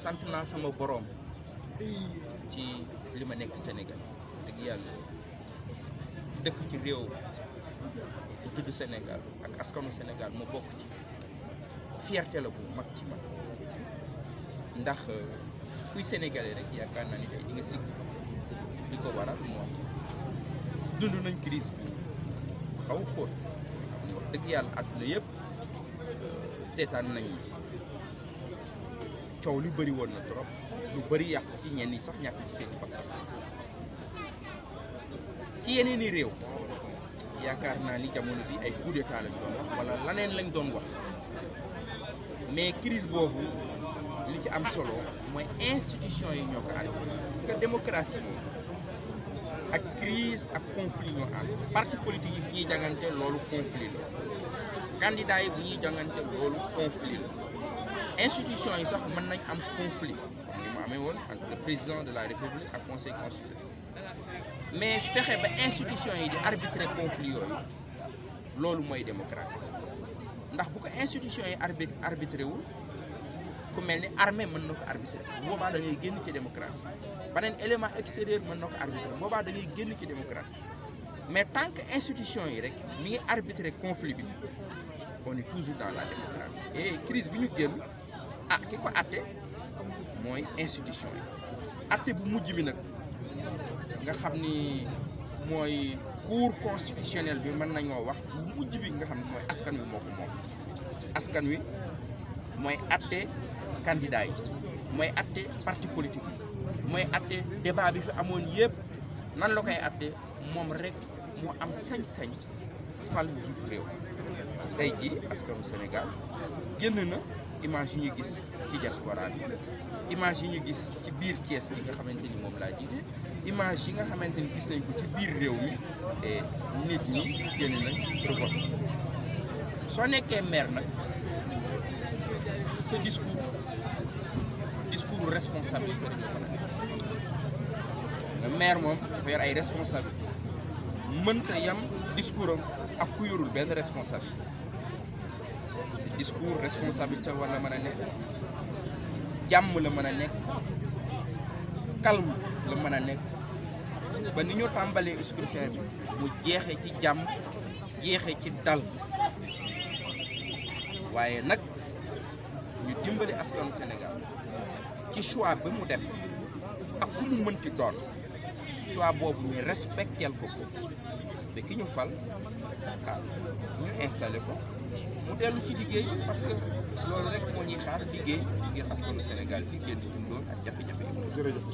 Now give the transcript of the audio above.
sant naa sama boroom ci li ma nekk Sénégal dëgg yàlla dëkk ci réew bu tudd Sénégal ak askanu Sénégal mu bokk ci fierté bu mag ci mag ndax euh, kuy sénégalais rek yaakaar naa ni tey di nga sikk li ko waral mooy dund nañ crise bi xaw xóot dëgg yàlla àdduna yëpp euh, seetaan nañ coow li bëri woon na trop lu bari yàqu ci ñenn ñi sax ñàkk ci seen bakkan ci yeneen i réew yaakaar naa ni jamono bi ay coup d'état lañ wala laneen lañ doon wax mais crise boobu li ci am solo mooy institution yi ñoo ko ànd parce que démocratie boobu ak crise ak conflit ñoo ànd parti politique yi bu ñuy jàngante loolu conflit la candidat yi bu ñuy jàngante loolu conflit la institution yi sax mën nañ conflit comme le président de la république le conseil Consulat. mais faire ba institution yi di arbitrer conflit c'est loolu démocratie ndax bu ko institution yi arbi arbitrer l'armée ku mel armée mën na ko arbitrer boobaa da ngay ci démocratie élément extérieur qui est arbitré. arbitrer boobaa da la démocratie mais tant que institution yi rek mi conflit on est toujours dans la démocratie et crise bi ñu acte quoi? ko atte mooy institution acte atte bu mujj bi nag nga xamni ni cour constitutionnel bi mën nañu wax mujj bi nga xamni moy askan wi moko mom askan wi moy atte candidat yi mooy atte parti politique moy atté atte débat bi fi amone yépp nan la koy atte mom rek moo am sañ-sañ fal njiit réew tey ji askanu Sénégal génn na image yi ñu gis ci diaspora bi image yi ñu gis ci biir Thiès gi nga xamante ni moom laa jiite image yi nga xamante ni gis nañ ko ci biir réew mi nit ñi génn nañ revote soo nekkee maire na sa discours discours responsabilité dañu ko mën moom dafa yor ay responsabilité mënta yam discours ak ku yorul benn responsabilité si discours responsabilité war na mën a nekk jàmm la mën a nekk calme la mën a nekk ba ni ñu tàmbalee scrutin bi mu jeexe ci jàmm jeexe ci dal waaye nag ñu dimbali askanu Sénégal ci choix bi mu def ak ku mu mënti doon choix boobu ñu respectel ko ko te ki ñu fal ah ñu installé ko mu dellu ci liggéey parce que loolu rek moo ñuy xaar liggéey ngir askanu Sénégal bi génn ci ak jafe-jafe yi. jërëjëf